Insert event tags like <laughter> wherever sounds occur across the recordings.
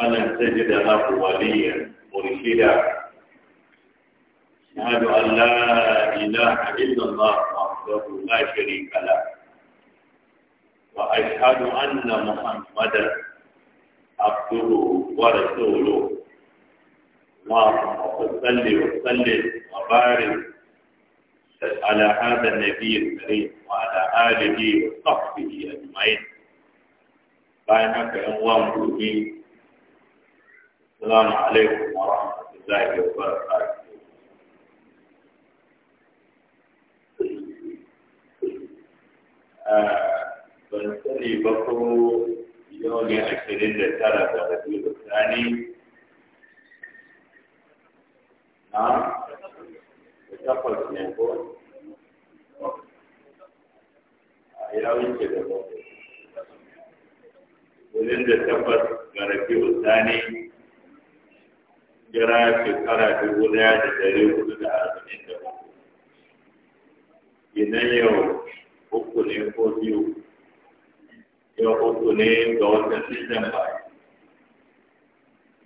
أن تجد له وليا مرشدا أشهد أن لا إله إلا الله وحده لا شريك له وأشهد أن محمدا عبده ورسوله اللهم صل وسلم وبارك على هذا النبي الكريم وعلى آله وصحبه أجمعين. بينك أنوار المؤمنين السلام عليكم ورحمة الله وبركاته ban sani ba ko yau ne ashirin da tara da rabi da na da takwas ne ko a ya wuce da bakwai da takwas ga rabi da sani jira shekara dubu daya da dari hudu da arba'in da uku idan yau uku ne ko biyu yau uku ne ga ba. disamba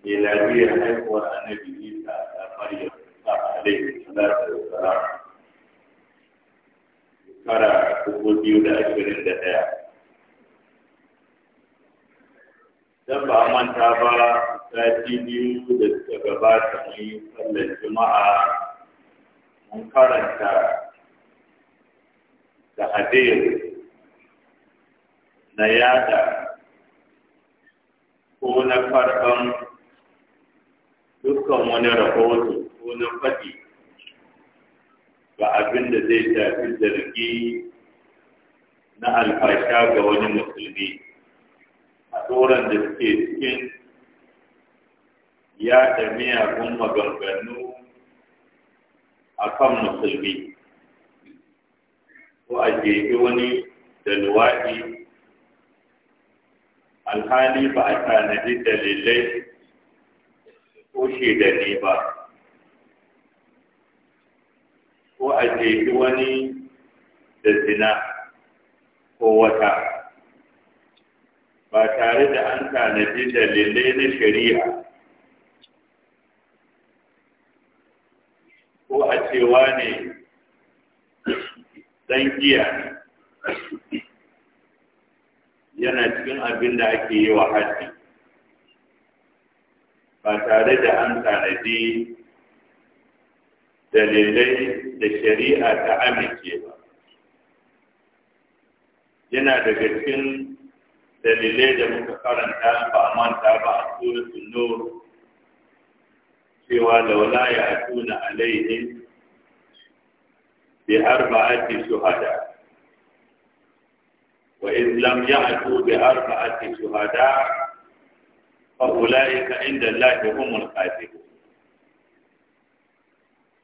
miladiyar haihuwar annabi isa da maryam ta alaihi salatu wassalam shekara dubu biyu da ashirin da daya dan ba manta ba sati biyu da suka gabata mun yi sallar juma'a mun karanta da hadir na yada ko na farkon dukkan wani rahoto ko na faɗi ga abin da zai shafi zargi na alfasha ga wani musulmi a tsoron da suke cikin ya da miyagun maganganu a kan musulmi ko a jefi wani da luwaɗi alhali ba a tanadi dalilai ko shaidani ba ko a jefi wani da zina ko wata ba tare da an tanadi dalilai na shari'a cewa ne dan giya yana cikin abin da ake yi wa haji ba tare da an tanadi dalilai da shari'a ta amince ba yana daga cikin dalilai da muka karanta ba manta ba a tsoron cewa laula ya tuna alaihin بأربعة شهداء وإن لم يأتوا بأربعة شهداء فأولئك عند الله هم الكاذبون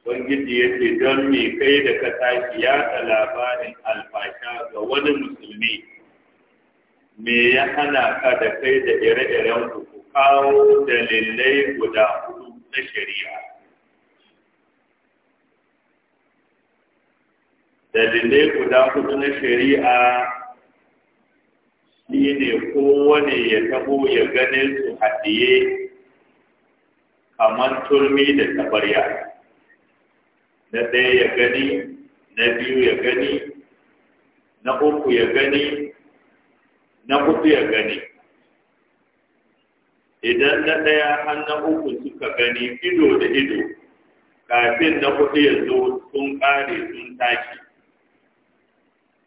Ubangiji ya ce don me kai da ka tashi yaɗa labarin alfasha ga wani musulmi me ya hana ka da kai da ire-iren ku kawo dalilai guda hudu na shari'a. dalilai guda kudu na shari'a shi ne kowane ya tabo ya ganin su haɗiye kamar turmi da tabarya na ɗaya ya gani na biyu ya gani na uku ya gani na hudu ya gani idan na ɗaya har na uku suka gani ido da ido kafin na hudu ya zo sun ƙare sun tashi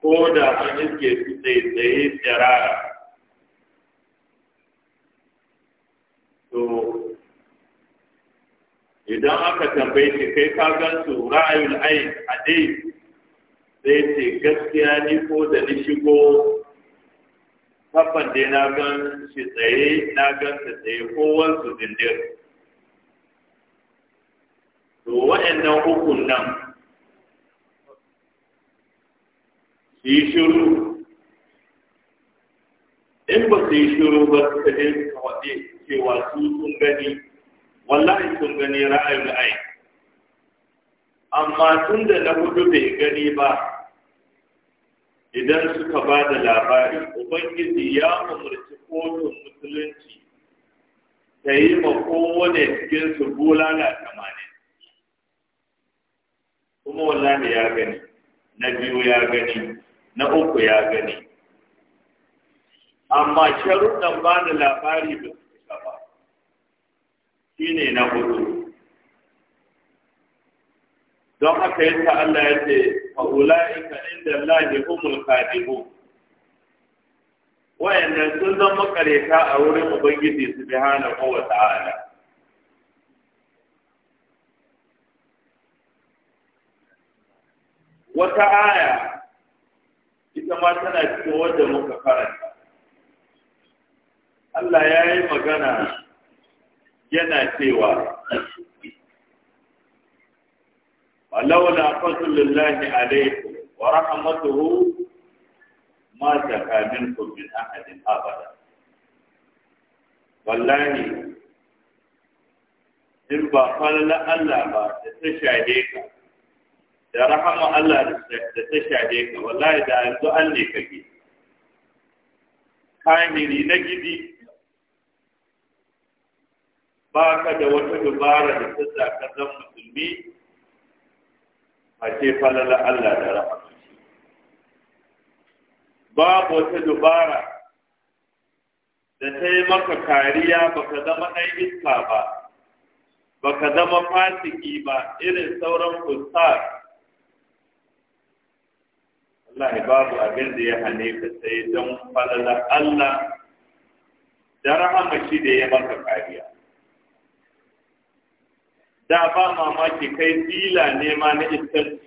ko da an iske su tsaye tsirara to idan aka tambaye shi kai ka gan su ra'ayul a dai sai ce gaskiya ni ko da ni shigo kafan dai na gan shi tsaye na gan su tsaye kowansu zindir to wa'annan hukun nan in ba su yi shiru ba su je su waje cewa wasu sun gani wallahi sun gani ra'ayin amma tun da na hudu bai gani ba idan suka ba da labari ubangiji ya umarci kotun musulunci ta yi ma kowane cikinsu na tamanin kuma wallahi ya gani na biyu ya gani na uku ya gani amma sharuɗan ba da labari da su ba shi ne na hudu don haka yadda Allah ya ce fa'ula'ika inda lahi humul kadibu wayannan sun zama makareta a wurin ubangiji su bi hana kowa ta'ala wata aya ita ma tana cikin wadda muka karanta. Allah ya yi magana yana cewa, Wa laula fasu lullahi alaikum wa ma zaka minkum min ahadin abada. Wallahi, in ba falla Allah ba ta shahe ka da rahama Allah da ta shaje ka wallahi da yanzu an ne kake kamiri na gidi ba ka da wata dubara da ta zaka zan musulmi a ce falala Allah da rahama babu wata dubara da ta yi maka kariya baka zama ɗan iska ba baka zama fasiki ba irin sauran fuskar lahi babu abin da ya hane ka sai don falala Allah da rahama shi da ya maka kariya da ba mamaki kai fila ne ma na iskanci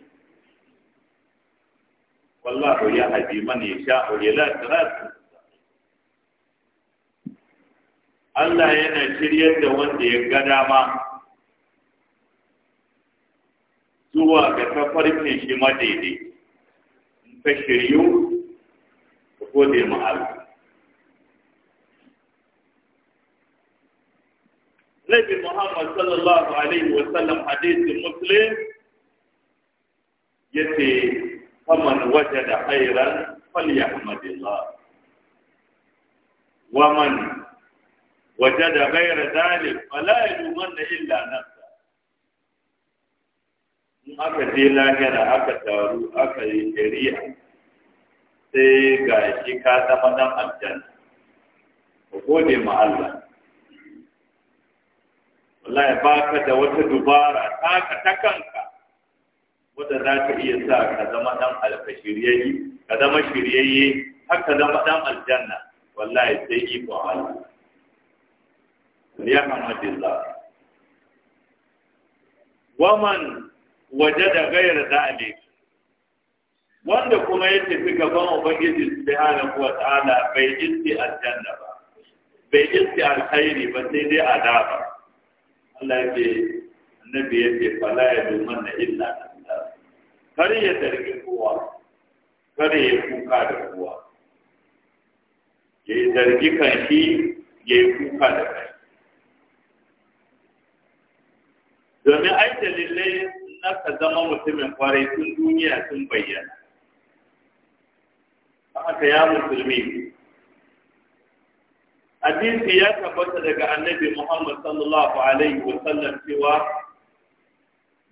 wallahu ya haji man ya sha ya la Allah yana shiryar da wanda ya ga dama zuwa ga tafarkin shi madaidai فكر يوم وقود المعالج نبي محمد صلى الله عليه وسلم حديث مسلم يتي فمن وجد خيرا فليحمد الله ومن وجد غير ذلك فلا يلومن الا نفسه aka je lahira aka taru aka yi shari'a sai ga shi ka zama nan aljanna ka gode ma Allah wallahi ba ka da wata dubara taka ta kanka wadda za ka iya sa ka zama nan alfashiriyayi ka zama shiryayye har ka zama nan aljanna wallahi sai iko Allah ya Muhammadin Allah waman waje da gayar za'ale wanda kuma ya tafi gaban ubangiji subhanahu wa ta'ala bai jinsi aljanna ba bai iske alkhairi ba sai dai adaba Allah ya ce annabi ya ce fala ya luman na illa kar ya zargi kowa kar ya kuka da kowa ya yi zargi kan shi ya yi kuka da kai domin ai lillahi aka zama mutumin kwarai tun duniya sun bayyana haka ya musulmi hadisi ya tabbata daga annabi Muhammad sallallahu alaihi wa sallam cewa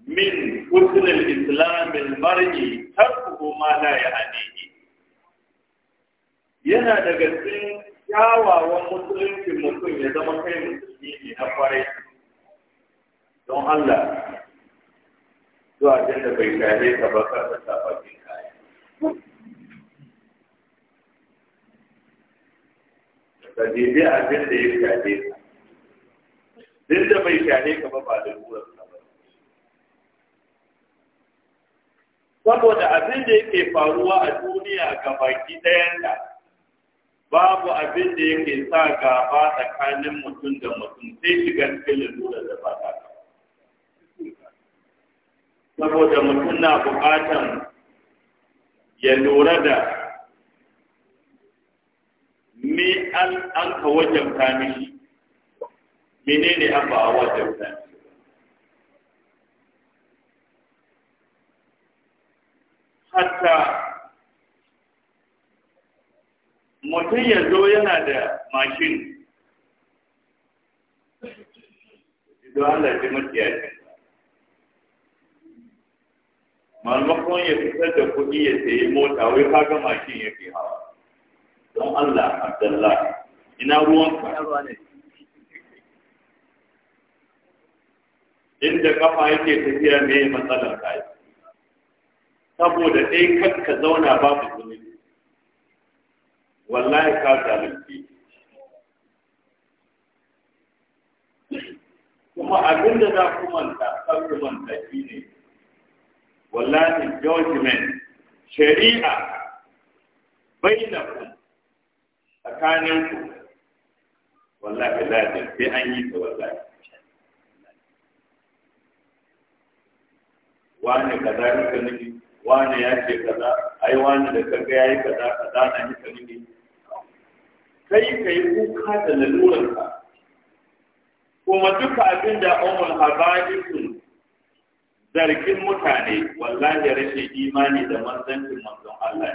min husn al-islam mari tarku ma la ya'nihi yana daga cikin kyawawan musulunci mutum ya zama kai musulmi ne na kwarai don Allah zuwa abin da bai tare ka ba kar ka sa bakin kaya ka daidai abin da ya shafe ka duk da bai tare ka ba ba da ruwan ka ba saboda abin da yake faruwa a duniya ga baki ɗayan da babu abin da yake sa gaba tsakanin mutum da mutum sai shiga cikin lura da ba ta saboda mutum na bukatan ya lura da me an an ka wajabta mishi menene an ba a wajabta hatta mutum ya zo yana da mashin idan Allah ya ji maimakon ya fitar da kuɗi ya sayi mota wai ka ga mashin fi hawa don Allah Abdullah ina ruwan ka inda kafa yake tafiya ne matsalar kai saboda dai kar ka zauna babu zuni wallahi ka zalunci kuma abinda za ku manta kar ku manta shine wallahi judgment shari'a bainakum tsakaninku wallahi lafiya sai an yi ta wallahi wane kaza nika nake wane ya ce kaza ai wane da kaga yayi kaza kaza na nika nake kai kai kuka da lalurarka. kuma duka abin da umul sun. zargin mutane wallahi rashin imani da manzancin manzon Allah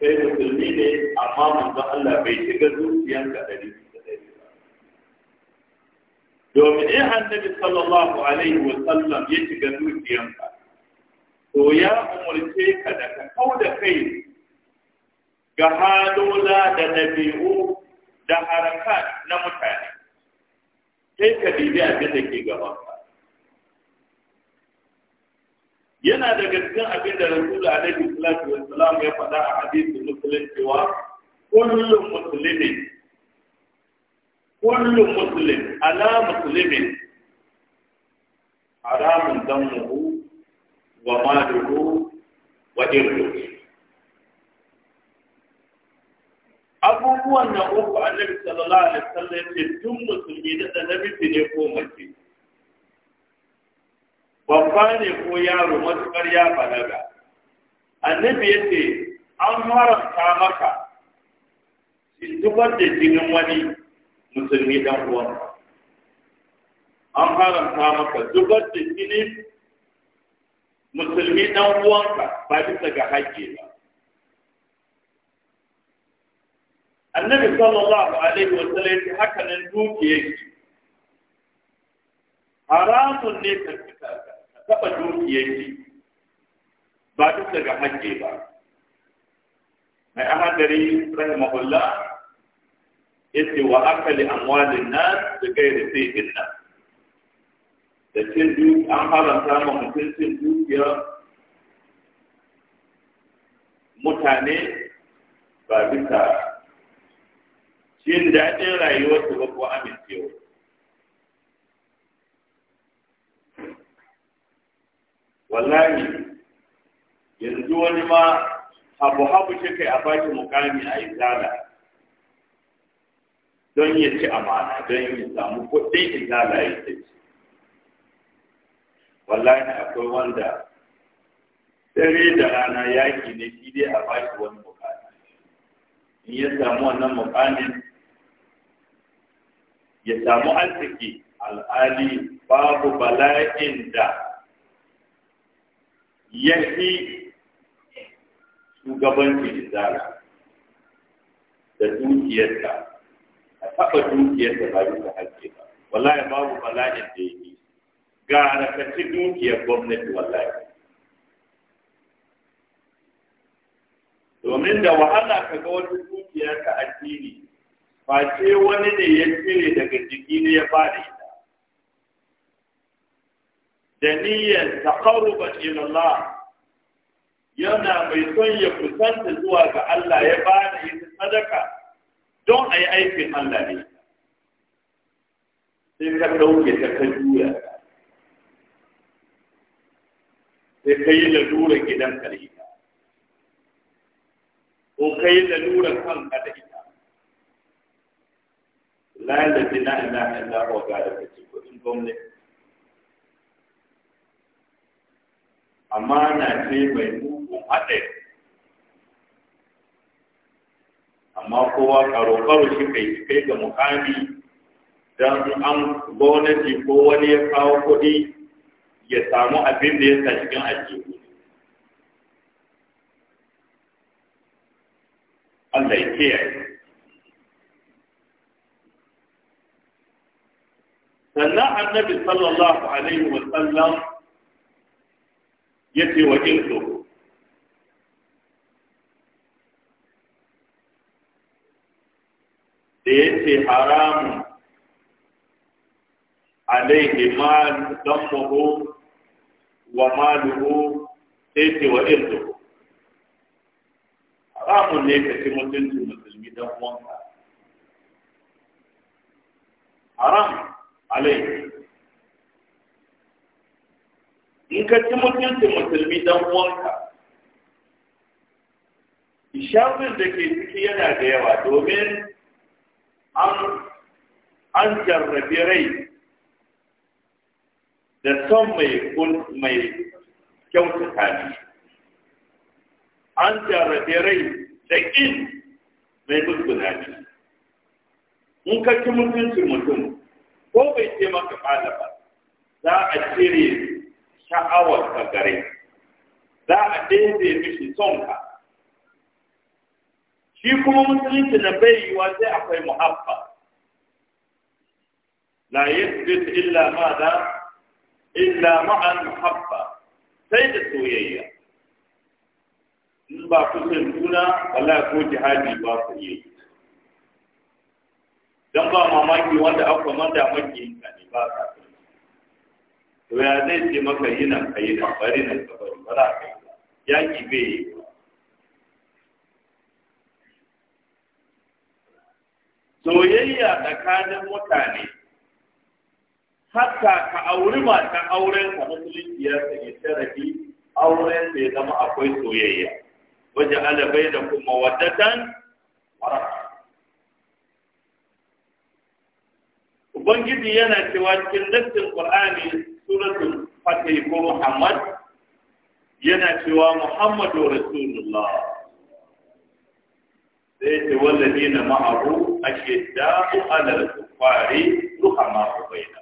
kai musulmi ne amma manzon Allah bai shiga zuciyanka ɗari domin in annabi sallallahu alaihi wa sallam ya shiga zuciyan ka, to ya umarce ka da ka kau da kai ga halola da Nabi'u da haraka na mutane sai ka bibi abin da ke ka. yana daga cikin abin da rasulu alaihi salatu wassalam ya faɗa a hadisi muslim cewa kullum muslimin kullum muslim ala muslimin haramun damuhu wa maluhu wa irdu abubuwan na uku annabi sallallahu alaihi wasallam ya ce duk musulmi da namiji ne ko mace babba ne ko yaro matuƙar ya balaga annabi ya ce an haramta maka zubar da jinin wani musulmi dan uwan an haramta maka zubar da jinin musulmi dan uwanka ba bisa ga haƙƙi ba annabi sallallahu alaihi wa sallam ya ce haka nan dukiyar haramun ne ka fitar taɓa dukiyarki ba duk daga hajji ba mai ahadari rahimahullah yace wa li amwalin nas da gairi sayyidin nas da cin duk an haramta ma mutum cin dukiyar mutane ba bisa cin daɗin rayuwarsu ba ko amin wallahi yanzu wani ma abu habu ce kai a baki mukami a izala don ya ci amana don ya samu kuɗi izala ya ce wallahi akwai wanda dare da rana yaki ne shi dai a baki wani mukami in ya samu wannan mukamin ya samu arziki al'ali babu bala'in da yafi shugabancin izala da dukiyarta a taɓa dukiyarta ba ta haƙƙi ba wallahi babu bala'in da ya yi ga ci dukiyar gwamnati wallahi domin da wahala ka ga wani dukiya ta addini face wani ne ya cire daga jiki ne ya bada da niyyar taqarruban ila Allah yana mai son ya kusanta zuwa ga Allah ya ba da ita sadaka don a yi aikin Allah ne. Sai ka ɗauke ta ka juya sai ka yi lalura gidan ka da ita, ko ka yi lalura kanka da ita. Layan da zina ina ina wa ga da kaci kudin gwamnati. Amma na ce mai mugun haɗe amma kowa karo-karo shi kai kai ga mukami don an gwamnati ko wani ya kawo kuɗi ya samu abin da ya sa cikin ajiyu Allah ya kiyaye sannan annabi sallallahu alaihi wa sallam يتي وجلته ليتي حرام عليه مال دمه وماله ليتي وجلته حرام ليك تمتن تلميذ حرام عليه in ka ci mutuncin musulmi dan uwanka shafin da ke ciki yana da yawa domin an jarrabi rai da son mai kyauta kyautata an jarrabi rai da ƙin mai musguna ne in ka ci mutuncin mutum ko bai ce maka ba za a cire sha'awar ka gare za a daidai mishi son ka shi kuma musulunci na bai yiwa sai akwai muhabba la yasbit illa ma da illa ma'an muhabba sai da soyayya in ba ku san juna wala ko jihadi ba ku yi dan ba mamaki wanda aka manda maki ne ba ka to ya zai ce maka yi nan ka yi nan bari nan ka bari ba ka yi yaƙi bai yi soyayya tsakanin mutane hatta ka auri matan auren ka musulunci ya sanya sharafi auren da ya zama akwai soyayya waje alabai da kuma wadatan Ubangiji yana cewa cikin dattin Qur'ani سورة فتيك محمد ينتوى محمد رسول الله ذات معه أشداء على الكفار رحماء بينه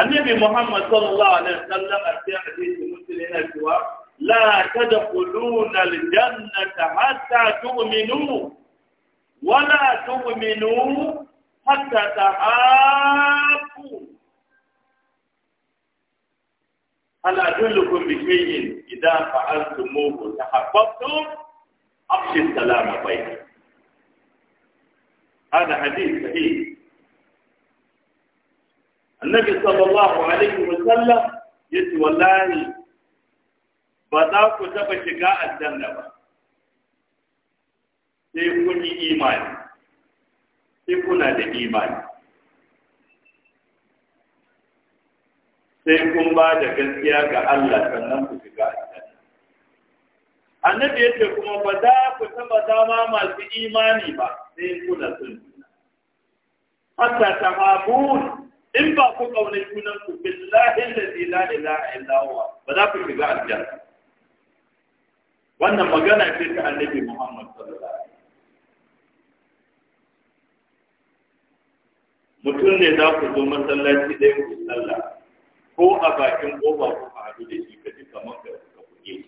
النبي محمد صلى الله عليه وسلم في حديث مسلم لا تدخلون الجنة حتى تؤمنوا ولا تؤمنوا حتى تحابوا هل أدلكم بشيء إذا فعلتموه تحببتم أخشي السلام بينكم هذا حديث صحيح النبي صلى الله عليه وسلم يتولاني والله ba شقاء ku sai kun yi imani sai kuna da imani sai kun ba da gaskiya ga Allah sannan ku shiga aljanna annabi ya ce kuma ba za ku taba zama masu imani ba sai kuna sun hatta tahabun in ba ku kauna junan ku billahi allazi la ilaha illa huwa ba za ku shiga aljanna wannan magana ce ta annabi Muhammad sallallahu alaihi wasallam mutum ne za ku zo masallaci ɗaya ku sallah ko a bakin ƙofa ku faru da shi ka ji kamar ka kuɗe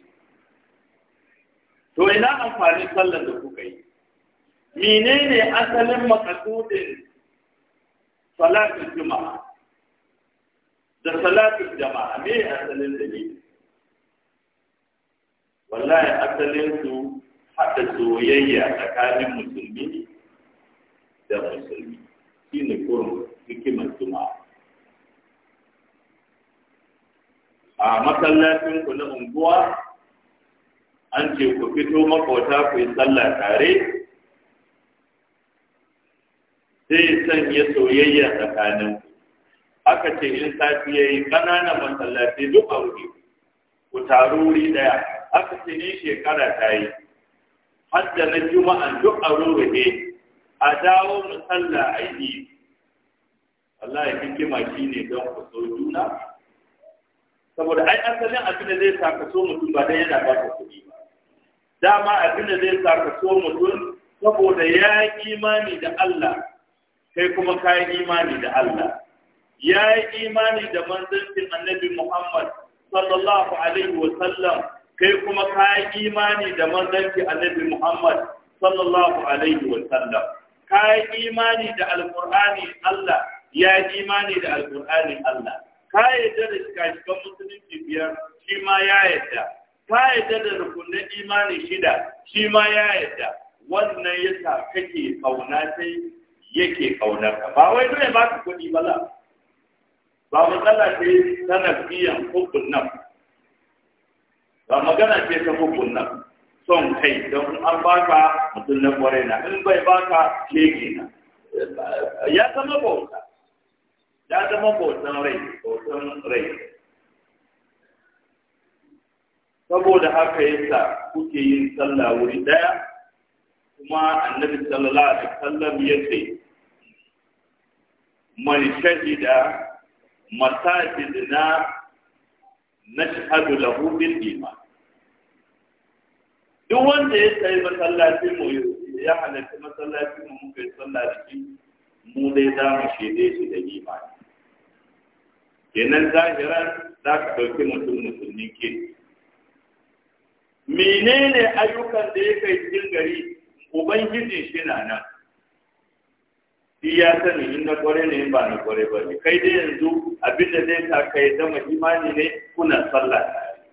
to ina amfanin sallar da kuka yi menene asalin makasudin salatul juma'a da salatul jama'a me asalin da ne wallahi asalin su haɗa soyayya tsakanin musulmi da musulmi shi ne kurin hikimar juma'a a masallacin ku na unguwa an ce ku fito makota ku yi sallah tare sai sanya soyayya tsakanin aka ce in sati ya yi ƙananan masallaci duk a wuri ku taru wuri ɗaya aka ce ni shekara ta yi har da na juma'a duk a ne. a dawo mu sallah a yi wallahi hikima shi ne don ku so juna saboda ai asalin abin da zai saka so mutum ba dai yana ba ka kuɗi ba dama abin da zai saka so mutum saboda ya yi imani da Allah kai kuma ka yi imani da Allah ya yi imani da manzancin annabi Muhammad sallallahu alaihi wa sallam kai kuma ka yi imani da manzancin annabi Muhammad sallallahu alaihi wa sallam ka yi imani da alkur'ani Allah ya yi imani da alkur'ani Allah ka yadda da shikashikan musulunci biyar shi ma ya yadda ka yadda da rukunin imani shida shi ma ya yadda wannan yasa kake kauna sai yake kaunar ka ba wai dole ba ka kuɗi ba ba matsala ce ta nafiyan hukun nan ba magana ce ta hukun nan son kai don an baka mutum na kware na in bai baka shege na ya zama bauta ya zama bautan rai bautan rai saboda haka yasa kuke yin sallah wuri daya kuma annabi sallallahu alaihi wasallam ya ce man shahida masajidina nashhadu lahu bil iman duk wanda ya sayi masallaci mu ya halarci masallaci mu muka yi sallah da shi mu dai za mu shaide shi da imani kenan zahiran za ka ɗauki mutum musulmi ke menene ayyukan da ya kai cikin gari ubangiji shi na nan shi ya sani in na kware ne in ba na kware ba ne kai dai yanzu abin da zai sa kai zama imani ne kuna sallah tare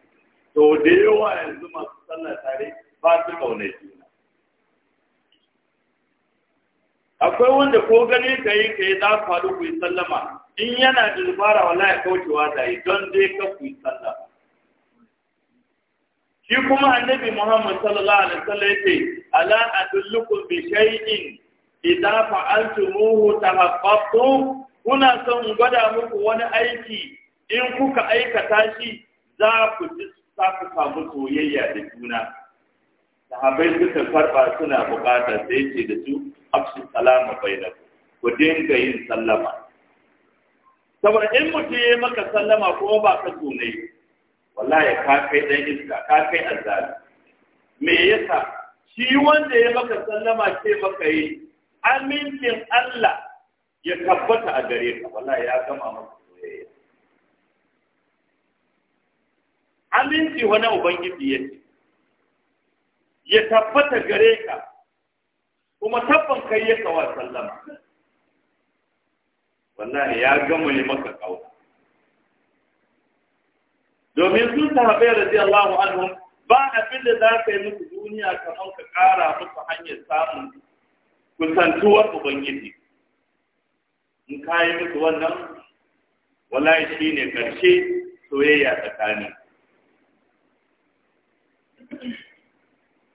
to da yawa yanzu masu sallah tare shi akwai wanda ko gani ka yi ka yi za ku faru ku yi sallama in yana da dubara wala ya kaucewa da yi don dai ka ku yi sallama shi kuma annabi muhammad sallallahu alaihi wasallam yace ala adullukum bi shay'in idza fa'altumuhu tahabbtum kuna son gwada muku wani aiki in kuka aikata shi za ku ji za ku samu soyayya da juna sahabbai suka farba suna bukata sai ce da su afsu salama bainakum ku dinga yin sallama saboda in mutum ya maka sallama ko ba ka tunai wallahi ka kai dan iska ka kai azzali me yasa shi wanda ya maka sallama ce maka yi amincin Allah ya tabbata a gare ka wallahi ya gama maka soyayya aminci wani ubangiji yake ya tabbata gare ka kuma tabban kai ya kawa sallama Wannan ya gama yi maka kawo domin sun sahabai radiyallahu anhum ba abin da za ka yi musu duniya kamar ka kara musu hanyar samun kusantuwar ubangiji in ka yi musu wannan shi ne karshe soyayya tsakanin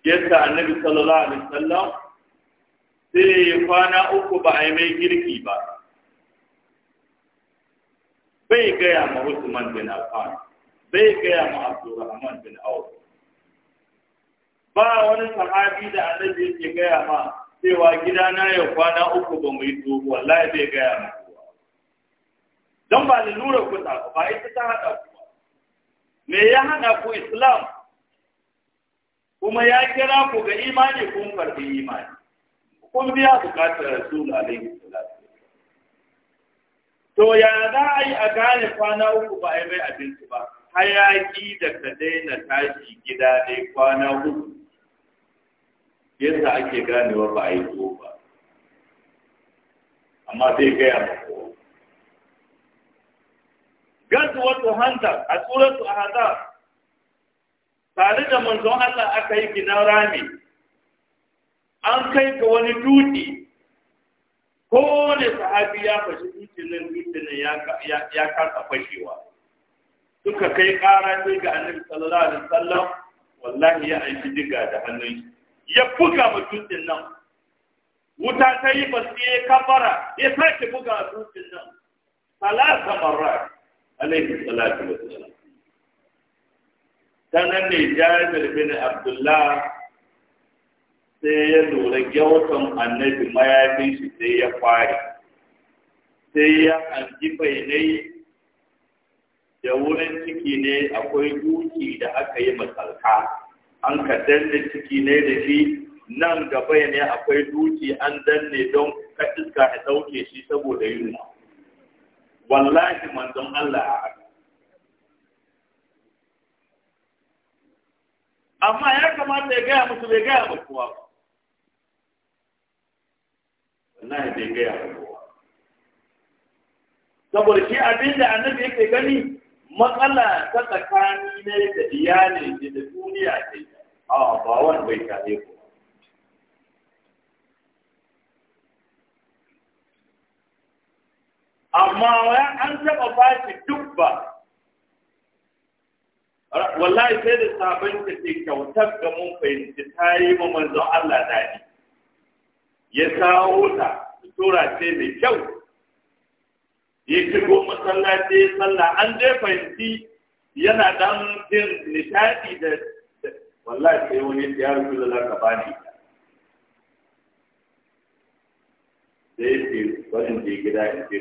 yadda annabi sallallahu alaihi wasallam sai ya kwana uku ba a yi mai girki ba bai gaya ma Usman bin Affan bai gaya ma Abdurrahman bin Auf ba wani sahabi da annabi yake gaya ma cewa gidana ya kwana uku ba mu yi tuwo wallahi bai gaya ma don ba lura ku ta ba ita ta haɗa ku me ya haɗa ku Islam kuma ya kira ku ga imani kun karbi imani kun biya bukatar rasul alaihi salatu to ya za a yi a gane kwana uku ba a yi mai abinci ba hayaki da ka daina tashi gida ne kwana uku yadda ake ganewa ba a yi ko ba amma sai gaya ma kowa gazuwatu hantar a suratu ahzab tare da manzon Allah aka yi gina rami an kai ga wani dutse Ko ne sahabi ya fashi dutse nan dutse nan ya kasa fashewa suka kai ƙara sai ga annabi sallallahu alaihi wasallam wallahi ya aiki diga da hannun ya buga ma dutsen nan wuta ta yi basu ya kafara ya sake buga dutsen nan salatu marra alaihi salatu wasallam sanan ne jabir bin abdullah sai ya lura gyautan annabi mayafin shi sai ya fari. sai ya anji bainai da wurin ciki ne akwai duki da aka yi masalka an ka danne ciki ne da shi nan gaba ne akwai duki an danne don ka iska ya ɗauke shi saboda yunwa wallahi manzon Allah a amma ya kamata ya gaya musu bai gaya musu ba ya bai gaya musu saboda shi abin da annabi yake gani matsala ta tsakani ne da iyali ne da duniya ce a ba wani bai kare ku amma an taɓa ba duk ba wallahi sai da sabon ta ce kyautar da mun fahimci ta yi ma manzon Allah daɗi ya kawo ta tura ce mai kyau ya shigo masallaci ya sallah an dai fahimci yana dan jin nishaɗi da wallahi sai wani ya rufe da laka bani sai ce wani je gida in ce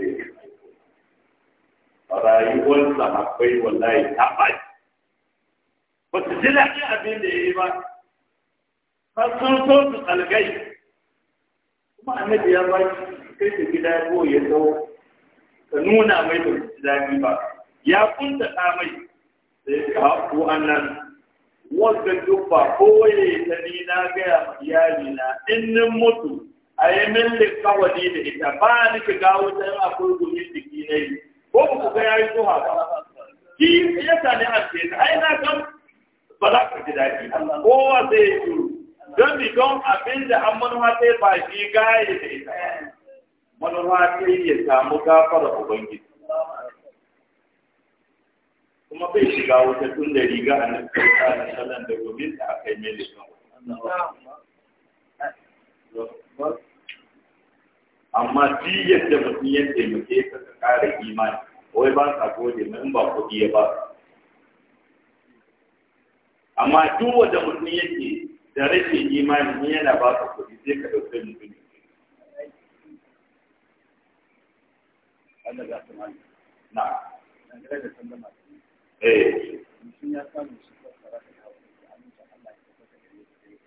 rayuwar sahabbai wallahi ta ɓaci ba su ji daɗi abin da ya yi ba har sun so su tsalgai kuma annabi ya ba shi kai ta gida ko ya tsawo ka nuna mai da ji daɗi ba ya kunta ta mai da ya ka ko annan wanda duk ba kowaye ta ni na gaya ma iyalina in nin mutu a yi min likawali da ita ba ni shiga wuta yin akwai gumin jiki na yi ko ku ga ya yi zuwa ki ya sani a ce ai na kan ba za ka ji daɗi kowa zai yi shuru don bi don abin da an manuwa sai ba shi gaye da ita manuwa sai ya samu gafara ubangiji kuma bai shiga wata tun da riga a nan kai tsarin salon da gobe ta aka yi mai lissan amma ji yadda mutum ya taimake ka ka kare imani wai ba sa gode in ba kuɗi ya ba amma duk wanda mutum yake da rashin imani ne yana ba ka kuɗi sai ka ɗauke mutum Allah ya tsamani na eh ya samu shi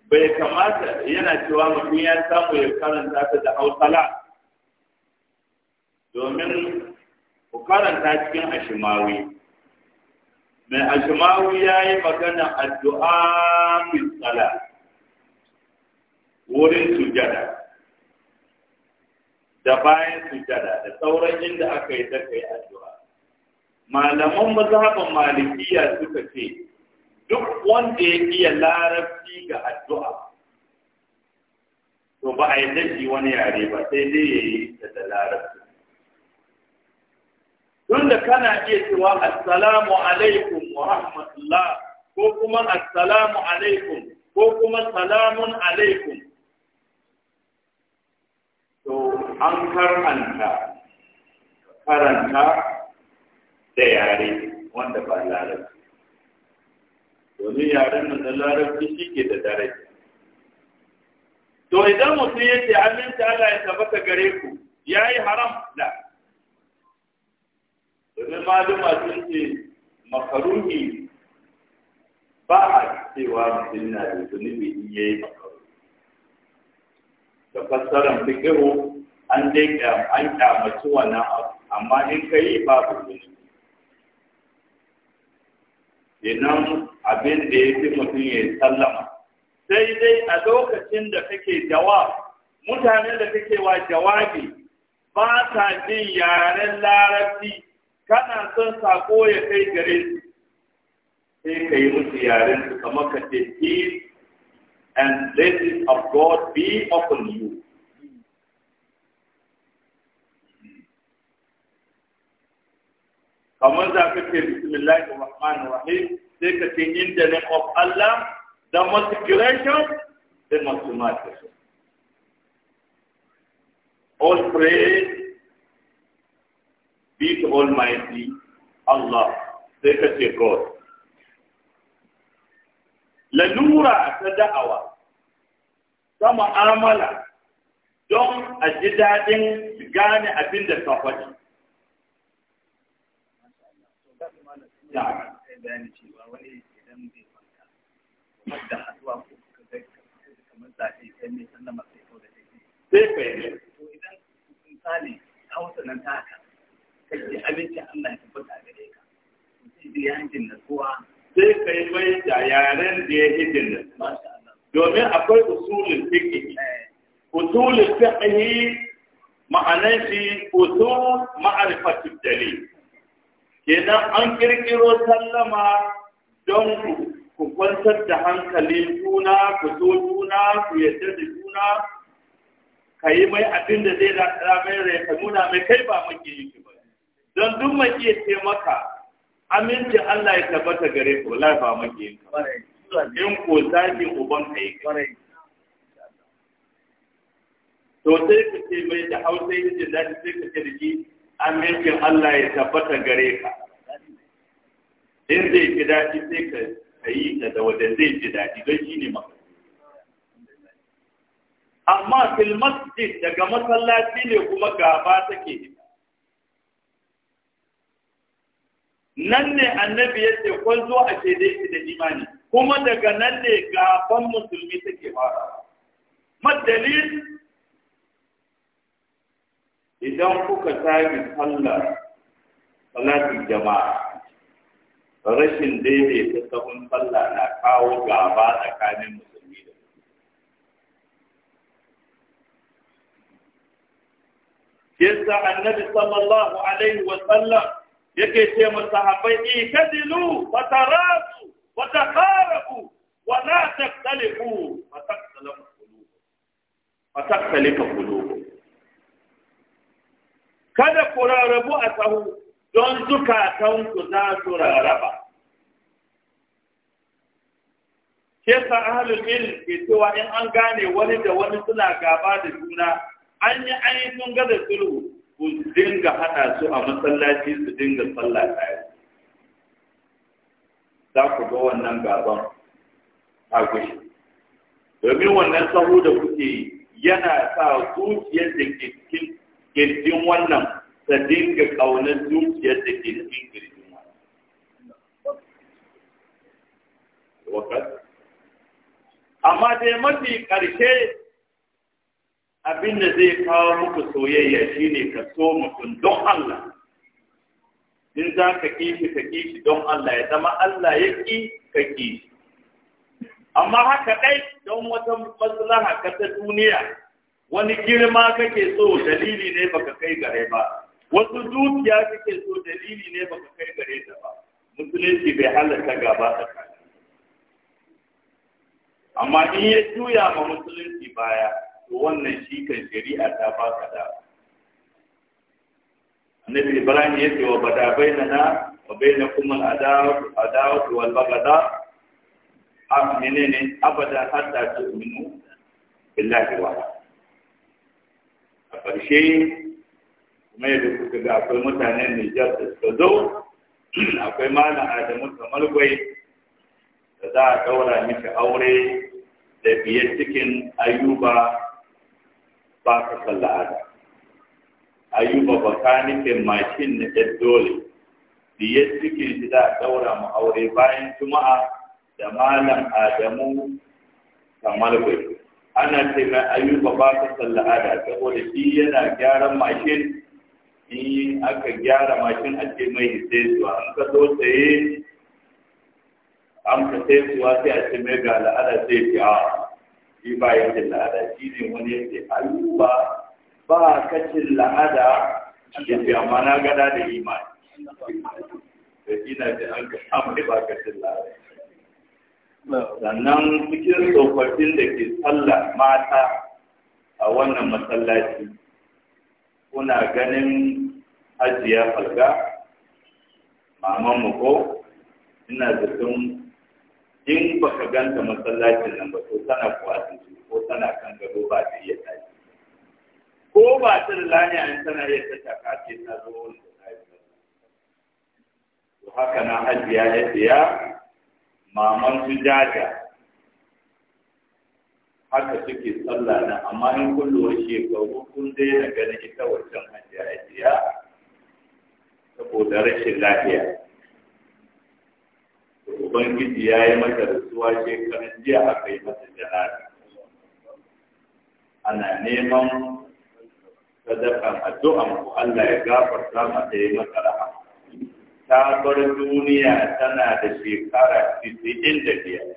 bai kamata yana cewa mutum ya samu ya karanta ta da hausala domin ku karanta cikin ashimawi mai aljimawu ya yi magana addu'a fi tsala wurin sujada da bayan sujada da sauran inda aka yi daga yi addu'a malaman mazhaban malikiya suka ce duk wanda ya iya larabci ga addu'a to ba a yi wani yare ba sai dai ya yi da larabci tunda kana iya cewa assalamu alaikum wa rahmatullah ko kuma assalamu alaikum ko kuma salamun alaikum to an karanta karanta da yare wanda ba larabci domin yaren nan da larabci shi ke da daraja to idan mutum ya ce aminta Allah ya tabbata gare ku ya yi haram da domin da sun ce makaruhi ba a cewa mutum na da zunubi in ya yi makaruhi da fassarar fikihu an dai an kyamaci wannan abu amma in ka yi babu zunubi idan abin da ya fi mutum ya sallama sai dai a lokacin da kake jawab mutanen da kake wa jawabi ba sa jin yaren larabci kana son sako ya kai gare su sai ka yi musu yaren su kamar ka ce peace and blessings of God be upon you kamar za ka ce bismillahir rahmanir rahim sai ka ce in the name of Allah the most gracious the most merciful all praise be to Almighty Allah sai ka ce God. Lalura ta da'awa ta mu'amala don a ji daɗin gane abin da ka faɗi. Sai ka yi. Idan misali hausa nan ta haka ka sai ya domin akwai usulul fiqh usulul fiqh ma'anar shi usul dalil kenan an kirkiro sallama don ku kwantar da hankali juna ku zo juna ku yarda da juna ka yi mai abin da zai lakara mai rai ka nuna mai kai ba maki yi ba don duk mai iya ce maka aminci Allah ya tabbata gare ku lai ba maki yin in ko zaki uban ka yi to sai ka ce mai da hausa yake zaki sai ka ce da ki amincin Allah ya tabbata gare ka in zai ji daɗi sai ka yi ta da wadda zai ji daɗi don shi ne maka amma fil masjid daga masallaci ne kuma gaba take hita nan ne annabi ya ce kun zo a shaide shi da imani kuma daga nan ne gaban musulmi take fara madalil idan kuka sami sallah salatin jama'a rashin daidaita sahun sallah na kawo gaba tsakanin musulmi da musulmi yasa annabi sallallahu alaihi wa sallam yake ce mun sahabbai ikadilu wa tarasu wa taqarabu wa la taktalifu fa taktalifu qulubu kada ku rarrabu a sahu don zukatanku za su rarraba ke sa ahlul ilm ke cewa in an gane wani da wani suna gaba da juna an yi ainihin gada sulhu ku dinga hana su a masallaci su dinga sallah tare za ku ga wannan gaban a gushi domin wannan sahu da kuke yana sa zuciyar da ke cikin kirjin wannan ta dinga ƙaunar zuciyar da ke cikin kirjin amma dai mafi ƙarshe abin da zai kawo muku soyayya shine ka so mutum don Allah in za ka ƙi shi ka ƙi shi don Allah ya zama Allah ya ƙi ka ƙi amma haka ɗai don wata maslaha ka ta duniya wani girma kake so dalili ne baka kai gare ba wasu dukiya kake so dalili ne baka kai gare ta ba musulunci bai halarta gaba tsakani amma in ya juya ma musulunci baya wannan shi kan shari'a ta baka da annabi ibrahim ya ce wa bada bainana wa baina kuma adawa wal bagada menene abada hatta tu'minu billahi wa a ƙarshe kuma yadda kuka ga akwai mutanen Nijar da suka zo <clears throat> akwai malam Adamu kamar gwai da za a ɗaura miki aure da biyar cikin ayyuba ba ka kalla ada ayuba bakanikin mashin na ɗan dole biyar cikin shi za a ɗaura mu aure bayan juma'a da malam adamu kamar bai ana ce mai ayuba ba ka kalla ada saboda shi yana gyaran mashin in aka gyara mashin a ce mai hisse zuwa an ka zo tsaye an ka sai zuwa sai a ce mai ga al'ada sai fi awa ah, shi ba yakin la'ada shi ne wani yake ayuba ba kacin la'ada yake amma na gada da imani da ina da an ba kacin la'ada sannan cikin tsofaffin da ke sallah mata a wannan masallaci kuna ganin ajiya falga maman ko ina zaton in ba ka ganta masallacin nan ba to tana kuwa ko tana kan gado ba ta iya tashi ko ba ta da tana iya ta taka ce ta zo wani da ta yi to haka na hajiya ya tsaya maman su jaja haka suke sallah na amma in kun lura shekaru kun daina ganin ita wancan hajiya ya tsaya saboda rashin lafiya ubangiji ya yi mata rasuwa shekaran jiya aka yi mata jana'a ana neman sadakan addu'an ku Allah ya gafarta mata yi mata raha. ta bar duniya tana da shekara da biyar.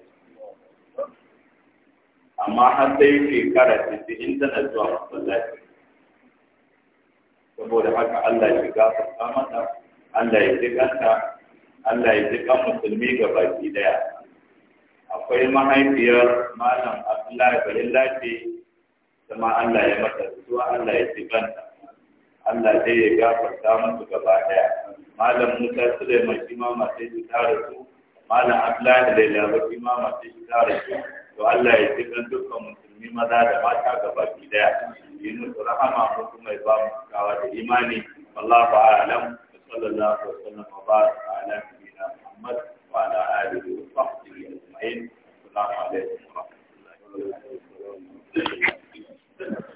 amma har yi shekara 90 tana zuwa masallaci saboda haka Allah ya gafarta mata Allah ya jiganta Allah ya ji kan musulmi ga baki daya akwai mahaifiyar malam Abdullahi Balilla ce kuma Allah ya mata zuwa Allah ya ji kanta Allah dai ya gafarta musu gaba daya malam Musa Suleiman shi ma mace shi ta rasu malam Abdullahi Laila shi ma mace shi ta rasu to Allah ya ji kan dukkan musulmi maza da mata baki daya Yin musu rahama ko kuma ya ba mu kawa da imani wallahu a'lam sallallahu alaihi wa sallam wa baraka ala محمد وعلى آله وصحبه أجمعين والسلام عليكم ورحمة الله وبركاته